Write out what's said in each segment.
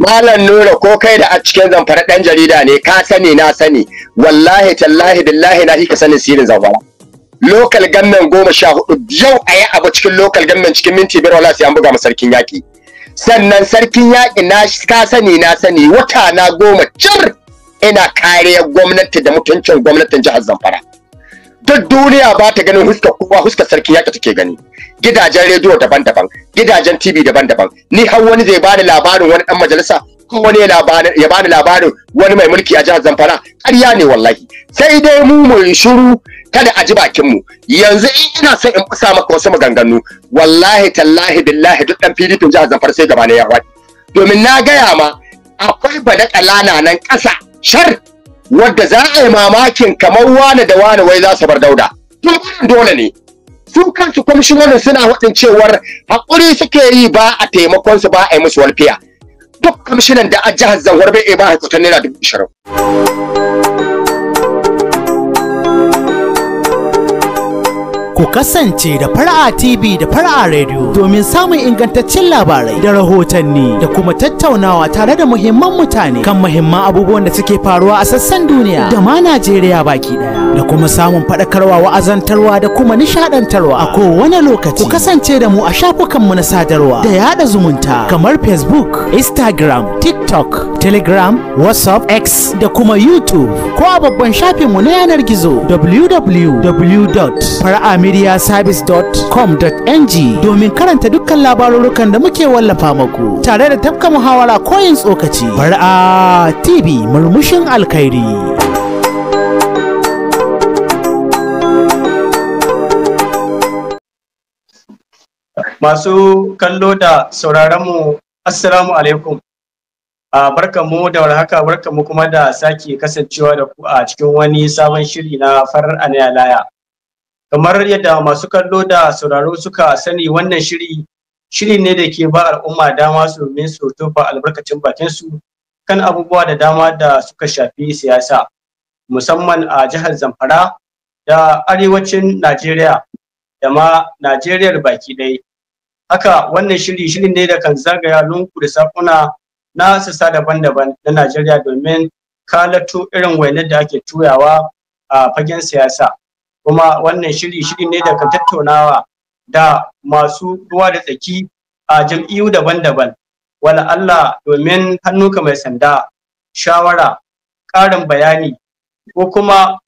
Malam Nura ko kai da a cikin zamfara dan jarida ne ka sani na sani wallahi tallahi billahi na ka sanin sirrin zamfara. Lokal gannan goma sha hudu yau a yi abu cikin lokal gannan cikin minti biyar wala sai an buga sarkin yaƙi. Sannan sarkin yaƙi na ka sani na sani wata na goma cir ina kariyar gwamnati da mutuncin gwamnatin jihar Zamfara. duk duniya ba ta ganin huskar kowa huskar sarki yaka take gani gidajen rediyo daban-daban gidajen tv daban-daban ni har wani zai bani labarin wani dan majalisa ko wani ya bani labarin wani mai mulki a jihar zamfara ƙarya ne wallahi sai dai mu mu shiru kada a ji bakin mu yanzu in ina son in fusa maka wasu maganganu wallahi tallahi billahi duk dan pdp jihar zamfara sai gaba ne ya faɗi domin na gaya ma akwai bada na nan ƙasa shar wadda za a yi mamakin kamar wane da wane wai za su bar dauda to dole ne su kansu kwamishinonin suna waɗin cewar haƙuri suke yi ba a taimakon su ba a yi musu walfiya duk kwamishinan da a jihar zanwar bai ba a naira dubu ashirin ku kasance da fara'a TV da fara'a radio domin samun ingantaccen labarai da rahotanni da kuma tattaunawa tare da muhimman mutane kan muhimman abubuwan da suke faruwa a sassan duniya da ma Najeriya baki daya da kuma samun faɗakarwa wa'azantarwa da kuma nishaɗantarwa a kowane lokaci ku kasance da mu a shafukanmu na sadarwa da yaɗa zumunta kamar Facebook, Instagram, TikTok, Telegram, WhatsApp, X da kuma YouTube ko a babban shafinmu na yanar gizo www.fara'amid mediaservice.com.ng domin karanta dukkan labarurukan da muke wallafa muku tare da tafka muhawara koyin tsokaci bar'a tv murmushin alkhairi masu kallo da sauraronmu assalamu alaikum barkanmu da warhaka barkanmu kuma da sake kasancewa da ku a cikin wani sabon shiri na farar anaya laya kamar yadda masu kallo da sauraro suka sani wannan shiri shiri ne da ke ba al'umma dama su domin su tofa albarkacin bakin su kan abubuwa da dama da suka shafi siyasa musamman a jihar zamfara da arewacin najeriya da ma najeriyar baki ɗaya haka wannan shiri shiri ne da kan zagaya lunku da sakuna na sassa daban-daban na najeriya domin kalato irin wainar da ake tuyawa a fagen siyasa kuma wannan shiri shiri ne da ka tattaunawa da masu ruwa da tsaki a jam'iyyu daban-daban wala Allah domin hannunka mai sanda shawara ƙarin bayani ko kuma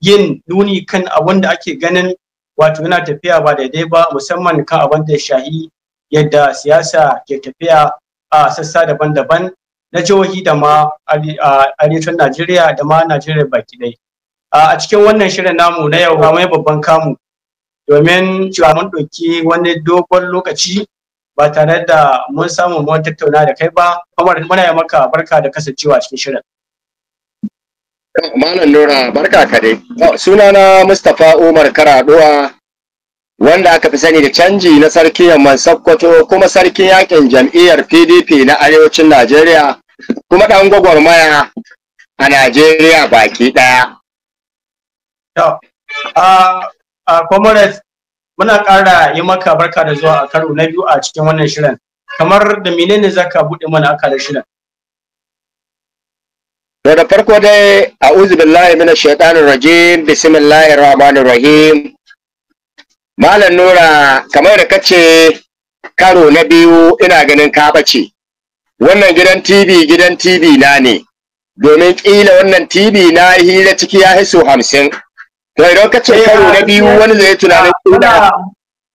yin nuni kan abin da ake ganin wato yana tafiya ba daidai ba musamman kan abin da shahi yadda siyasa ke tafiya a sassa daban-daban na jihohi da ma arewacin Najeriya da ma Najeriya baki ɗaya. a cikin wannan shirin namu na yau mai babban kamu domin cewa mun ɗauki wani dogon lokaci ba tare da mun samu mun tattauna da kai ba kamar muna yi maka barka da kasancewa cikin shirin Malam Nura barka ka dai sunana Mustapha Umar Karaduwa wanda aka fi sani da canji na sarki Yamman Sokoto kuma sarkin yakin jam'iyyar PDP na arewacin Najeriya kuma ɗan gwagwarmaya a Najeriya baki ɗaya. comrades muna ƙara yi maka barka da zuwa a karo na biyu a cikin wannan shirin kamar da menene zaka buɗe mana aka da shirin to da farko dai a'udhu billahi minash shaitanir rajim bismillahir rahmanir rahim malam nura kamar da kace karo na biyu ina ganin ka bace wannan gidan TV gidan TV na ne domin kila wannan TV na hira ciki ya hiso hamsin kai ce na biyu wani zai tunanin kuna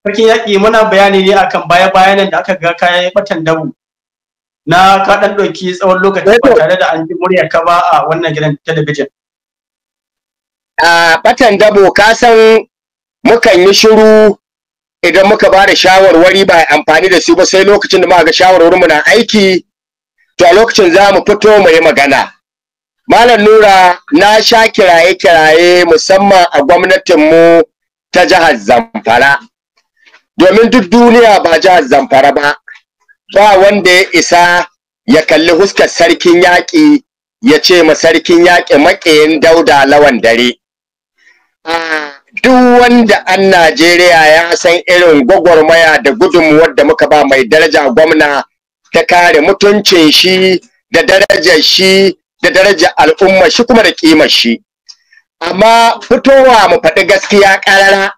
sarkin yaƙi muna bayani ne akan baya bayanan da aka ga kayan batan dabu na ka ɗauki tsawon lokaci ba tare da an ji murya ka ba a wannan gidan talabijin a batan dabo ka san mukan yi shiru idan muka ba da shawarwari ba amfani da su ba sai lokacin da muka ga shawarwarinmu na aiki to a lokacin za mu fito mu yi magana Malam Nura na sha kiraye-kiraye musamman a gwamnatin mu ta jihar Zamfara. Domin duk duniya ba jihar Zamfara ba, ba wanda ya isa ya kalli huskar sarkin yaƙi ya ce ma sarkin yaƙi maƙiyin dauda lawan dare. Duk wanda an Najeriya ya san irin gwagwarmaya da gudunmuwar da muka ba mai daraja gwamna ta kare mutuncin shi da darajar shi da daraja al'umma shi kuma da kimar shi amma fitowa mu faɗi gaskiya ƙarara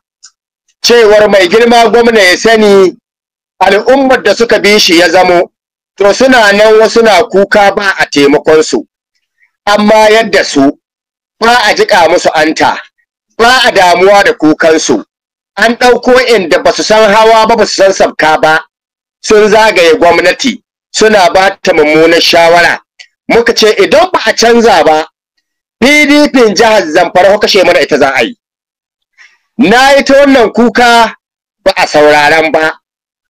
cewar mai girma gwamna ya sani al'ummar da suka bi shi ya zamo to suna nan wasu na kuka ba a taimakon su amma yadda su ba a jiƙa musu anta ba a damuwa da kukan su, an ɗauko inda ba su san hawa ba ba su san sabka ba sun zagaye gwamnati suna ba ta mummunar shawara muka ce idan ba a canza ba PDP jihar Zamfara ko kashe mana ita za a yi nayi yi ta wannan kuka ba a sauraron ba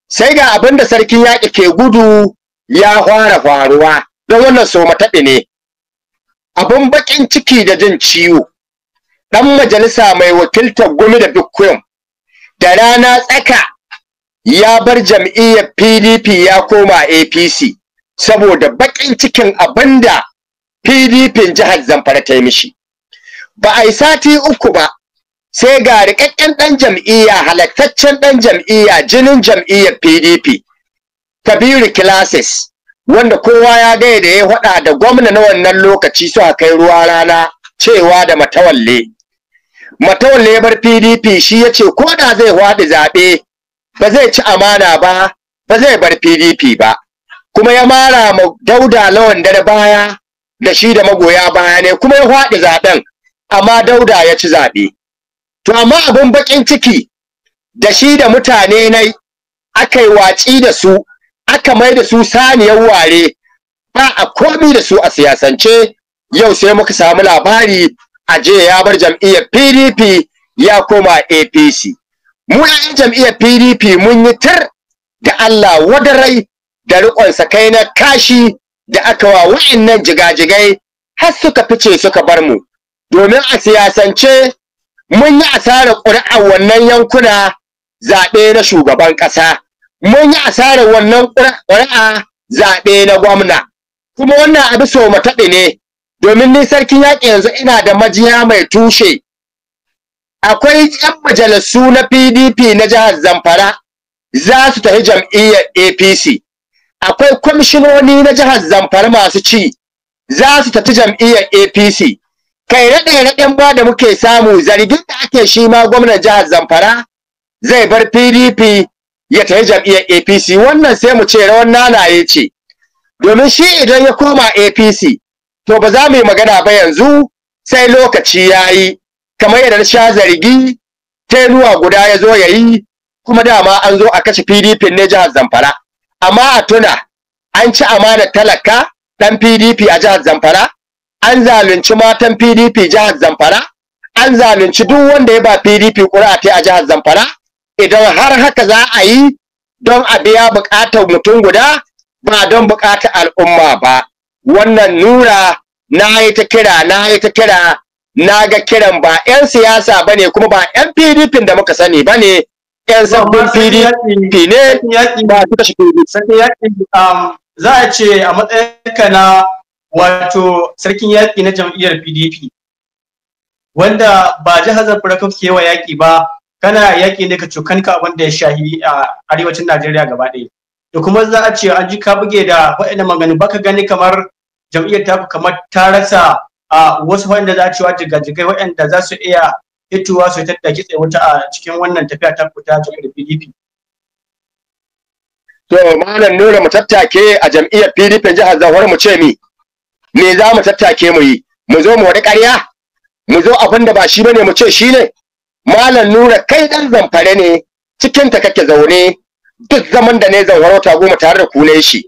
sai ga abin da sarkin yaƙi ke gudu ya fara faruwa don wannan so mataɓe ne abin baƙin ciki da jin ciwo ɗan majalisa mai wakiltar gumi da bitcoin da rana tsaka ya bar jam'iyyar pdp ya koma apc saboda baƙin cikin abinda PDP jihar Zamfara ta yi mishi ba a yi sati uku ba sai ga rikakken ɗan jam'iyya halartaccen ɗan jam'iyya jinin jam'iyyar PDP Kabiru Classes wanda kowa ya gaya da ya haɗa da gwamna na wannan lokaci su kai ruwa rana cewa da matawalle matawalle bar PDP shi ya ce ko da zai waɗi zaɓe ba zai ci amana ba ba zai bar PDP ba kuma ya mara ma dauda lawan dare baya da shi da magoya baya ne kuma ya faɗi zaɓen amma dauda ya ci zaɓe to amma abin baƙin ciki da shi da mutane na aka yi watsi da su aka mai da su saniyar ware ba a komi da su a siyasance yau sai muka samu labari a je ya bar jam'iyyar pdp ya koma apc mu 'yan jam'iyyar pdp mun yi tar da allah wadarai da riƙon kai na kashi da aka wa wa'annan jigajigai har suka fice suka bar mu domin a siyasance mun yi asarar ƙuri'ar wannan yankuna zaɓe na shugaban ƙasa mun yi asarar wannan ƙuri'a zaɓe na gwamna kuma wannan abu so mataɗi ne domin ni sarkin yaƙi yanzu ina da majiya mai tushe akwai 'yan majalisu na PDP na jihar Zamfara za su tafi jam'iyyar APC akwai kwamishinoni na jihar Zamfara masu ci za su tafi jam'iyyar APC kai raɗe-raɗen ba da muke samu zargin da ake shi ma gwamnan jihar Zamfara zai bar PDP ya tafi jam'iyyar APC wannan sai mu ce rawan nanaye ce domin shi idan ya koma APC to ba za mu yi magana ba yanzu sai lokaci yayi yi kamar yadda na sha zargi tenuwa guda ya zo ya kuma dama an zo a kashe PDP ne jihar Zamfara amma a tuna an ci amanar talaka ɗan PDP a jihar Zamfara an zalunci matan PDP jihar Zamfara an zalunci duk wanda ya ba PDP ƙuri'a ta a jihar Zamfara idan har haka za a yi don a biya buƙatar mutum guda ba don buƙatar al'umma ba wannan nura na yi ta kira na yi ta kira na ga kiran ba 'yan siyasa ba ne kuma ba 'yan PDP da muka sani ba ne 'yan sabbin PDP ne ba su kashe PDP. Um, za a ce a matsayinka na wato sarkin yaƙi na jam'iyyar PDP wanda ba jihar Zamfara kan kewa yaƙi ba kana yaƙi ne ka cokanka wanda ya shahi a arewacin Najeriya gaba ɗaya. Da kuma za a ce an ji ka buge da waɗannan maganganu baka gani kamar jam'iyyar ta kamar ta rasa a wasu waɗanda za a cewa jigajigai waɗanda za su iya hituwa su ta kitse wuta a cikin wannan tafiya ta fita da PDP to malam nura mu tattake a jam'iyyar PDP jihar Zamfara mu ce mi me za mu tattake mu yi mu zo mu wani ƙarya mu zo abin da ba shi bane mu ce shi ne malam nura kai dan zamfare ne cikin ta kake zaune duk zaman da ne zanwaro ta goma tare da kule shi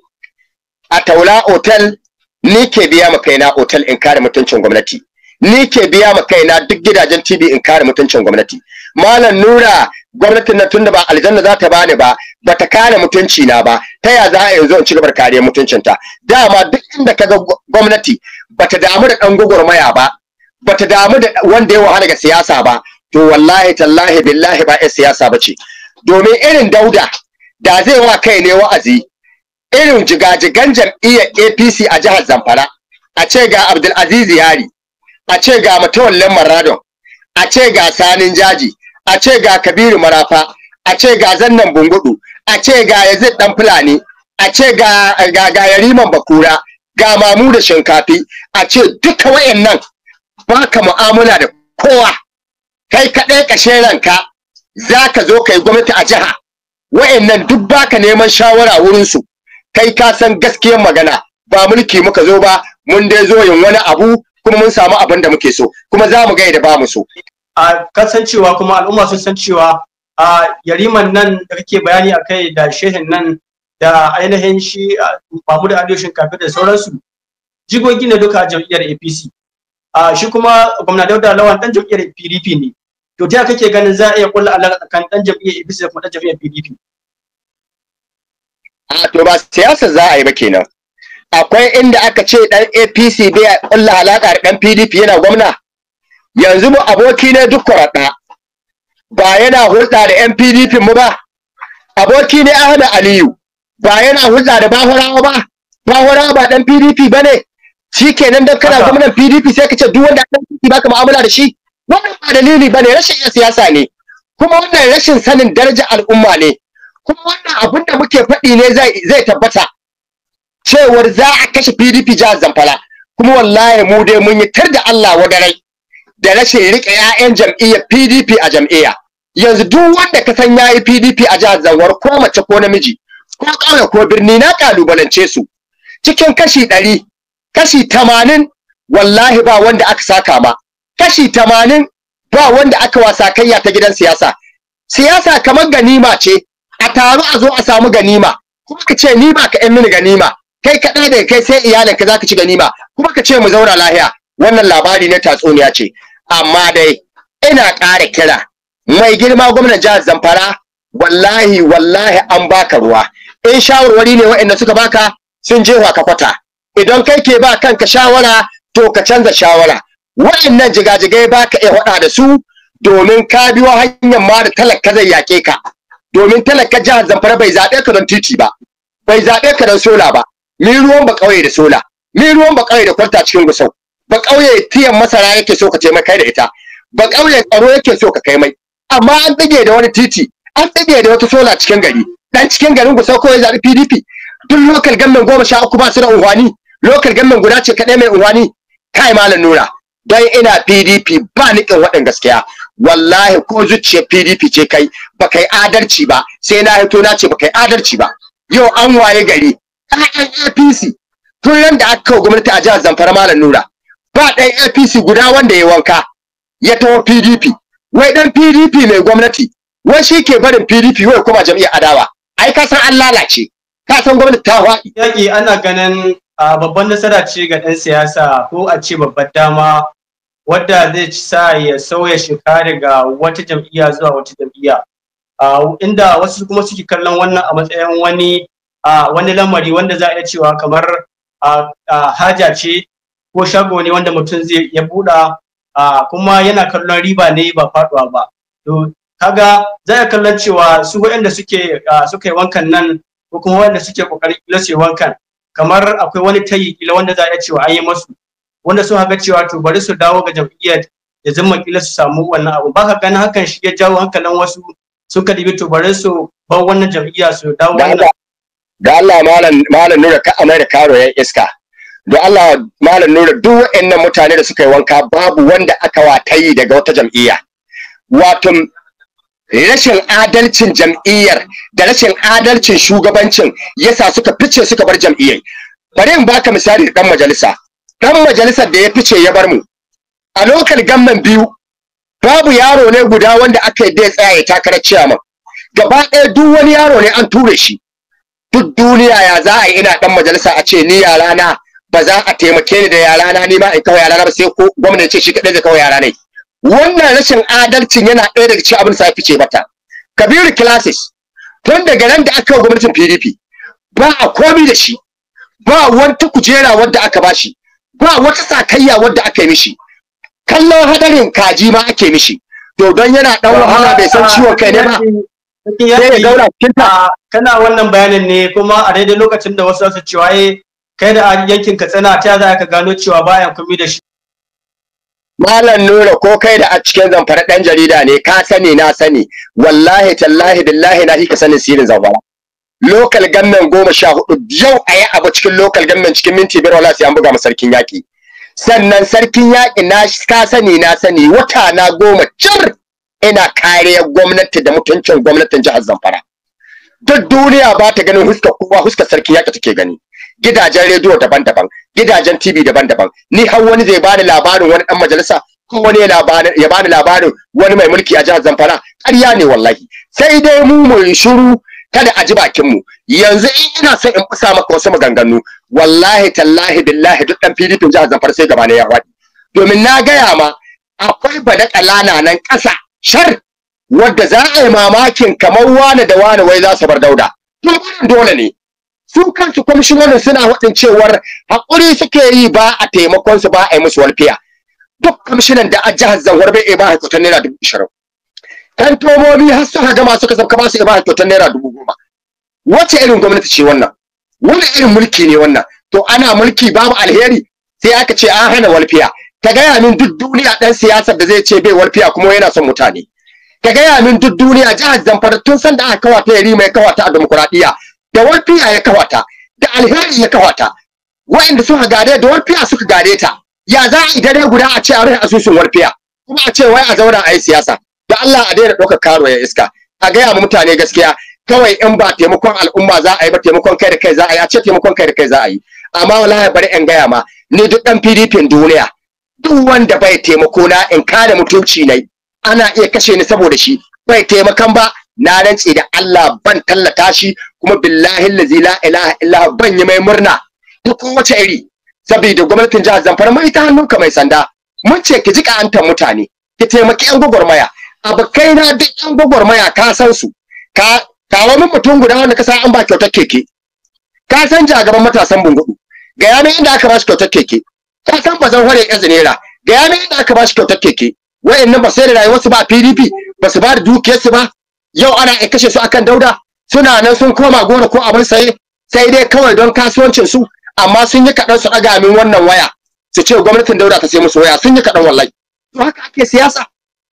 a taula otal ni ke biya ma kaina otal in kare mutuncin gwamnati ni ke biya ma kaina duk gidajen TV in kare mutuncin gwamnati malam nura gwamnatin nan tunda ba aljanna za ta bani ba ba ta kare mutunci na ba ta ya za a yanzu in ci gaba kare mutuncin ta dama duk inda ga gwamnati ba ta damu da dan gugurmaya ba ba ta damu da wanda ya wahala ga siyasa ba to wallahi tallahi billahi ba ai siyasa bace domin irin dauda da zai wa kai ne wa'azi irin jigajigan jam'iyyar APC a jihar Zamfara a ce ga Abdulaziz Yari a ce ga matawallan maradon a ce ga sanin jaji a ce ga kabiru marafa a ce ga zannan bungudu a ce ga yazid dan fulani a ce ga ga yariman bakura ga mamu da shinkafi a ce duka wayannan ka mu'amala da kowa kai kaɗai ƙashe ranka za ka zo ka yi gwamnati a jiha wayannan duk baka neman shawara wurinsu kai ka san gaskiyar magana ba mulki muka zo ba mun dai zo yin wani abu kuma mun samu abin da muke so kuma za mu ga yadda ba mu so a kasancewa kuma al'umma sun san cewa a yariman nan da kake bayani akai da shehin nan da ainihin shi Mahmud Aliyu Shinkafi da sauransu jigogi ne duka jam'iyyar APC a shi kuma gwamna Dauda Lawan dan jam'iyyar PDP ne to ta kake ganin za a iya kulla alaƙa kan dan jam'iyyar APC da kuma dan jam'iyyar PDP a to ba siyasa za a yi ba kenan akwai inda aka ce dan APC bai kulla alaka da dan PDP yana gwamna yanzu mu aboki ne duk kwarada ba yana hulɗa da yan PDP mu ba aboki ne Ahmad Aliyu ba yana hulɗa da Bahurawa ba Bahurawa ba dan PDP bane shikenan dan kana gwamnan PDP sai ka ce duk wanda dan PDP baka mu'amala da shi wannan ba dalili bane rashin siyasa ne kuma wannan rashin sanin darajar al'umma ne kuma wannan abinda muke faɗi ne zai tabbata cewar za a kashe PDP jihar Zamfara kuma wallahi mu dai mun yi tar da Allah wadarai da rashin rike 'ya'yan jam'iyyar PDP a jam'iyya yanzu duk wanda ka san yayi PDP a jihar Zamfara ko mace ko namiji ko ƙauye ko birni na kalubalance su cikin kashi ɗari kashi tamanin wallahi ba wanda aka saka ba, kashi tamanin ba wanda aka wasa kayya ta gidan siyasa siyasa kamar ganima ce a taru a zo a samu ganima kuma ka ce ni ba ka yan mini ganima kai kaɗai da kai sai iyalin za ka ci ganima kuma ka ce mu zaura lahiya wannan labari na tatsuniya ce amma dai ina ƙara kira mai girma gwamnan jihar zamfara wallahi wallahi an baka ruwa in shawarwari ne waɗanda suka baka sun je ka kwata idan kai ke ba kanka shawara to ka canza shawara waɗannan jigajigai baka ka iya waɗa da su domin ka biyo hanyar ma da talaka zai yaƙe ka domin talaka jihar zamfara bai zaɓe ka don titi ba bai zaɓe ka don sola ba me ruwan ba kauye da sola me ruwan ba kauye da kwarta cikin gusau ba kauye tiyan masara yake so ka ce mai kai da ita ba kauye tsaro yake so ka kai mai amma an dage da wani titi an dage da wata sola cikin gari dan cikin garin gusau kawai zabi PDP duk local government goma sha uku ba su da unwani local government guda ce kadai mai unwani kai malam nura dan ina PDP ba nikin waɗan gaskiya wallahi ko zuciyar PDP ce kai ba kai adalci ba sai na hito na ce ba kai adalci ba yau an waye gari ƴaƴan APC tun yadda da aka kawo gwamnati a jihar Zamfara Malam Nura ba ɗan APC guda wanda ya wanka ya taho PDP wai ɗan PDP mai gwamnati wai shi ke barin PDP wai kuma jam'iyyar adawa ai ka san an lalace ka san gwamnati ta faɗi Yaƙi ana ganin babban nasara ce ga ɗan siyasa ko a ce babbar dama wadda zai sa ya sauya shekara daga wata jam'iyya zuwa wata jam'iyya inda wasu kuma suke kallon wannan a matsayin wani wani lamari wanda za a iya cewa kamar haja ce ko shago ne wanda mutum zai ya buɗa kuma yana kallon riba ne ba faɗuwa ba to kaga za a kallon cewa su waɗanda suke suka yi wankan nan ko kuma waɗanda suke ƙoƙarin ƙila wankan kamar akwai wani tayi ƙila wanda za a iya cewa an yi masu wanda sun haka cewa to bari su dawo ga jam'iyyar ya zama kila su samu wannan abu ba ka ganin hakan shi ya jawo hankalin wasu suka dibi to bari su bar wannan jam'iyya su dawo da Allah malam nura ka amai da karo ya iska da Allah malam nura duk waɗannan mutane da suka yi wanka babu wanda aka watayi daga wata jam'iyya wato rashin adalcin jam'iyyar da rashin adalcin shugabancin yasa suka fice suka bar jam'iyyar bari in baka misali dan majalisa dan majalisar da ya fice ya bar mu a lokal gamman biyu babu yaro ne guda wanda aka yi dai tsaya ya takarar ciyaman gaba ɗaya duk wani yaro ne an ture shi duk duniya ya za a yi ina dan majalisa a ce ni yara na ba za a taimake ni da yara na ni ma in kawo yara na ba sai ko gwamnati ce shi kadai da kawo yara ne wannan rashin adalcin yana ɗaya daga cikin abin da ce mata kabiru classes tun daga nan da aka yi gwamnatin pdp ba a komi da shi ba wata kujera wadda aka bashi ba wata sakayya wadda aka yi mishi kallon hadarin kaji ma ake mishi to don yana dan wahala bai san ciwon kai ne ba yake kana wannan bayanin ne kuma a daidai lokacin da wasu su cewa eh kai da yankin Katsina ta za ka gano cewa bayan kumi da shi Malam Nura ko kai da a cikin zamfara ɗan jarida ne ka sani na sani wallahi tallahi billahi na ka sanin sirrin zamfara local government goma sha hudu yau a yi abu cikin local government cikin minti biyar wala sai an buga sarkin yaƙi sannan sarkin yaƙi na ka sani na sani wata na goma cir ina kariyar gwamnati da mutuncin gwamnatin jihar Zamfara duk duniya ba ta ganin huska kowa huska sarki yaka take gani gidajen rediyo daban-daban gidajen TV daban-daban ni har wani zai bani labarin wani dan majalisa ko wani ya bani labarin wani mai mulki a jihar Zamfara ƙarya ne wallahi sai dai mu mu shiru kada a ji bakin mu yanzu in ina son in fusa maka wasu maganganu wallahi tallahi billahi duk dan PDP jihar Zamfara sai gaba ne ya faɗi domin na gaya ma akwai bada ƙalana nan ƙasa shar wadda za a yi mamakin kamar wane da wane wai za su bar dauda to dole ne su kansu kwamishinonin suna waɗin cewar haƙuri suke yi ba a taimakon su ba a yi musu walfiya duk kwamishinan da a jihar zanwar bai ba a kyautar naira dubu ishirin kan tomomi har suka gama suka sauka ba su ba a kyautar naira dubu goma wace irin gwamnati ce wannan wani irin mulki ne wannan to ana mulki babu alheri sai aka ce an hana walfiya ka gaya min duk duniya ɗan siyasar da zai ce bai warfiya kuma yana son mutane ka gaya min duk duniya jihar zamfara tun san da aka kawata yari mai kawata a demokradiya da warfiya ya kawata da alheri ya kawata wa'inda suka gare da warfiya suka gare ta ya za a dare guda a ce a rai asusun warfiya kuma a ce wai a zauna a yi siyasa da Allah a daina ɗaukar karo ya iska a gaya wa mutane gaskiya kawai in ba taimakon al'umma za a yi ba taimakon kai da kai za a yi a ce taimakon kai da kai za a yi amma wallahi bari in gaya ma ni duk ɗan PDP duniya duk wanda bai taimako na in kare mutunci nai ana iya kashe ni saboda shi bai taimakan ba na rantse da Allah ban tallata shi kuma billahi lazi la ilaha illa ban yi mai murna duk wace iri saboda gwamnatin jihar Zamfara mai ta hannunka mai sanda mun ce ki jika antan mutane ki taimaki yan gwagwarmaya abokai na duk yan gwagwarmaya ka san su ka kawo min mutum guda wanda ka san an ba kyautar keke ka san jagaban matasan bungudu ga yana inda aka ba shi kyautar keke ka san ba zan hore ƴan zinera ga yana yadda aka ba shi kyautar keke wayannan ba sai da rayuwarsu ba PDP ba su ba da dukiyarsu ba yau ana in kashe su akan dauda suna nan sun koma gona ko abin saye sai dai kawai don kasuwancin su amma sun yi kaɗan su ɗaga min wannan waya su ce gwamnatin dauda ta sai musu waya sun yi kaɗan wallahi to haka ake siyasa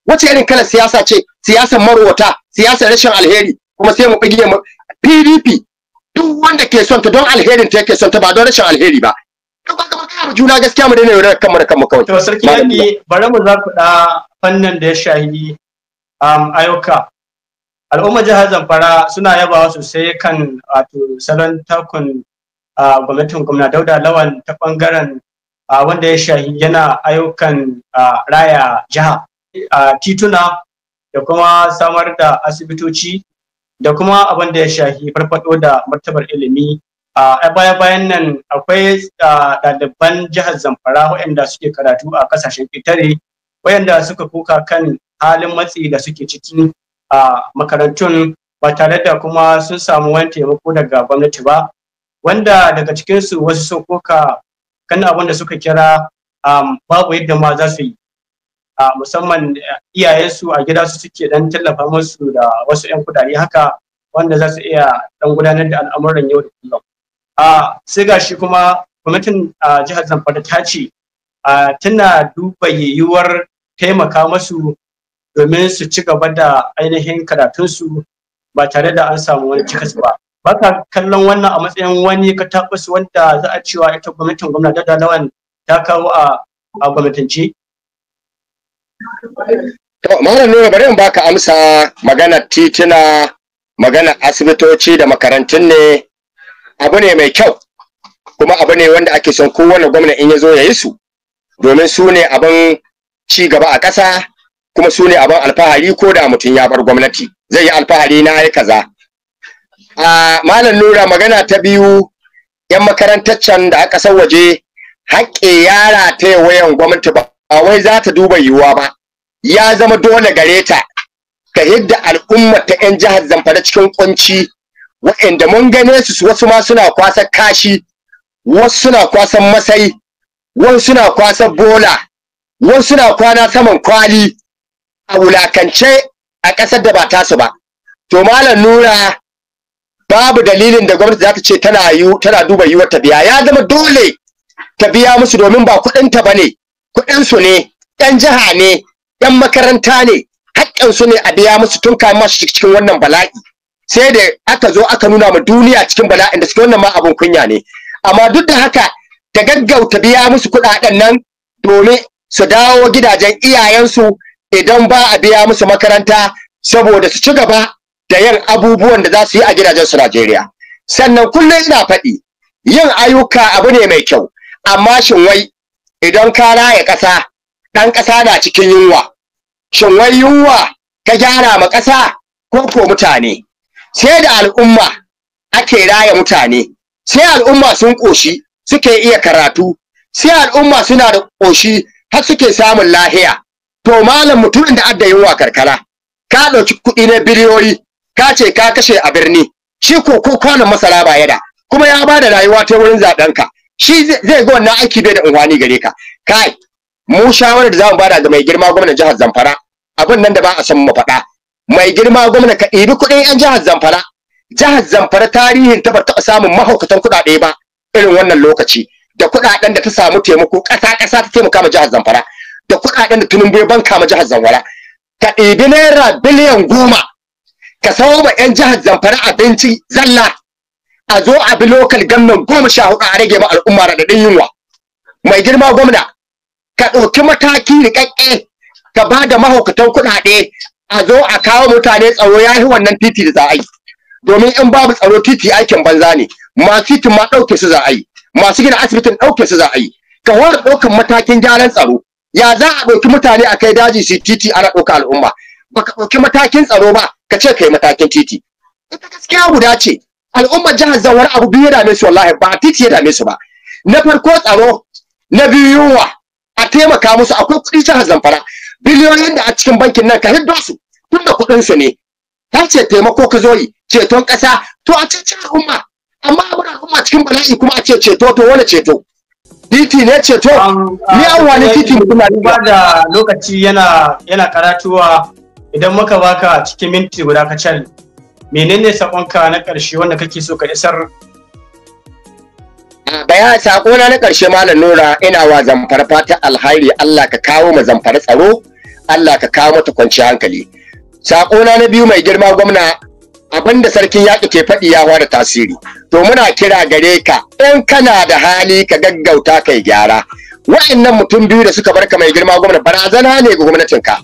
wace irin kalar siyasa ce siyasar marwata siyasar rashin alheri kuma sai mu bige mu PDP duk wanda ke son ta don alherin ta yake son ta ba don rashin alheri ba juna gaskiya mu daina yaudarar kanmu da kanmu kawai to sarki yaki bari mu za ku da fannin da ya shahi um, ayyuka al'ummar jihar zamfara suna yabawa sosai kan wato salon takun gwamnatin gwamna dauda lawan ta bangaren wanda ya shahi yana ayyukan raya jiha tituna da kuma samar da asibitoci da kuma abin da ya shahi farfado da martabar ilimi a baya bayan nan akwai ɗaliban jihar zamfara waɗanda suke karatu a ƙasashen ƙetare waɗanda suka kuka kan halin matsi da suke ciki a makarantun ba tare da kuma sun samu wani taimako daga gwamnati ba wanda daga cikinsu wasu sun koka kan abin da suka kira babu yadda ma za su yi musamman eh, iyayensu a gida su suke dan tallafa musu da wasu 'yan kudade haka wanda za su iya ɗan gudanar da al'amuran yau da kullum sai ga shi kuma gwamnatin jihar zamfara ta ce tana duba yiwuwar taimaka masu domin su ci gaba da ainihin karatunsu ba tare da an samu wani cikas ba ba ka kallon wannan a matsayin wani katabus wanda za a cewa ita gwamnatin gwamnati da lawan ta kawo a gwamnatance mallam Nura bari in baka amsa magana titina magana asibitoci da makarantun ne abu ne mai kyau kuma abu ne wanda ake son kowane gwamna in ya zo ya yi su domin su ne abin ci gaba a ƙasa kuma su ne abin alfahari ko da mutum ya bar gwamnati zai yi alfahari na yi kaza a malam nura magana ta biyu yan makarantaccen da aka san waje haƙƙe yara ta wayan gwamnati ba wai za ta duba yiwuwa ba ya zama dole gare ta ka hidda al'umma ta 'yan jihar zamfara cikin kunci wa'anda mun gane su wasu ma suna kwasa kashi wasu suna kwasa masai wasu suna kwasa bola wasu suna kwana saman kwali a wulakance a ƙasar da ba ta su ba to malam nura babu dalilin da gwamnati za ta ce tana yi tana duba yiwuwar ta biya ya zama dole ta biya musu domin ba kuɗin ta bane kuɗin su ne ɗan jiha ne ɗan makaranta ne haƙƙin su ne a biya musu tun kama cikin wannan bala'i sai da aka zo aka nuna ma duniya cikin bala'in da suke wannan ma abun kunya ne amma duk da haka ta gaggauta biya musu kuɗaɗen nan domin su dawo gidajen iyayensu idan ba a biya musu makaranta saboda su ci gaba da yin abubuwan da za su yi a gidajen su Najeriya sannan kullum ina faɗi yin ayyuka abu ne mai kyau amma shin wai idan ka raye ƙasa ɗan ƙasa na cikin yunwa shin wai yunwa ka gyara ma ƙasa ko ko mutane sai da al'umma ake raya mutane sai al'umma sun ƙoshi suke iya karatu sai al'umma suna da ƙoshi har suke samun lahiya to malam mutumin da adda yunwa karkara ka ɗauki kuɗi na biliyoyi ka ce ka kashe a birni shi ko ko kwanan masara ba yada kuma ya ba da rayuwa ta wurin ka shi zai ga wannan aiki bai da unwani gare ka kai mu shawarar da za mu bada ga mai girma gwamnan jihar Zamfara abin nan da ba a san mu faɗa mai girma gwamna ka ɗibi kuɗin 'yan jihar Zamfara. Jihar Zamfara tarihin ta bar taɓa samun mahaukatan kuɗaɗe ba irin wannan lokaci da kuɗaɗen da ta samu taimako ƙasa ƙasa ta taimaka ma jihar Zamfara da kuɗaɗen da Tinubu bai banka ma jihar Zamfara. Ka ɗibi naira biliyan goma ka sayo ma 'yan jihar Zamfara abinci zalla a zo a bi lokal gannan goma sha hudu a rage ma al'umma raɗaɗin yunwa. Mai girma gwamna ka ɗauki mataki riƙaƙƙe ka ba da mahaukatan kuɗaɗe a zo a kawo mutane tsaro ya yi wannan titi da za a yi domin in babu tsaro titi aikin banza ne masu titin ma ɗauke su za masu gina asibitin ɗauke su za ka wara ɗaukan matakin gyaran tsaro ya za a ɗauki mutane a kai daji su titi ana ɗauka al'umma Ba ka ɗauki matakin tsaro ba ka ce ka yi matakin titi ita gaskiya guda ce al'ummar jihar zawar abu biyu ya dame su wallahi ba titi ya dame su ba na farko tsaro na biyu yunwa a taimaka musu akwai kuɗi jihar zamfara biliyoyin da a cikin bankin nan ka hiddo su tun da kuɗin su ne ta ce taimako ka zo yi ceton ƙasa to a cikin al'umma amma abin al'umma cikin bala'i kuma a ce ceto to wani ceto titi ne ceto ni an wani titi mutum ba da lokaci yana yana karatuwa idan muka baka cikin minti guda ka can menene sakonka na ƙarshe wanda kake so ka isar ah, baya, sakona na ƙarshe malam nura ina wa zamfara fata alhairi Allah ka kawo ma zamfara tsaro Allah ka kawo mata kwanciyar hankali sakona na biyu mai girma gwamna abinda da sarkin yaƙi ke faɗi ya da tasiri to muna kira gare ka in kana da hali ka gaggauta kai gyara wa'annan mutum biyu da suka barka mai girma gwamna barazana ne ga gwamnatinka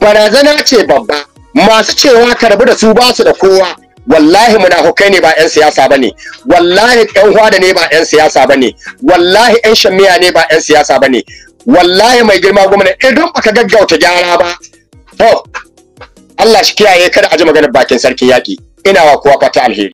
barazana ce babba masu cewa ka rabu da su ba su da kowa wallahi munafukai ne ba 'yan siyasa ba ne wallahi 'yan da ne ba 'yan siyasa ba ne wallahi 'yan shammiya ne ba 'yan siyasa ba wallahi mai girma gwamna idan baka gaggauta gyara ba to Allah shi kiyaye kada a ji maganar bakin sarki yaki ina wa kowa fata alheri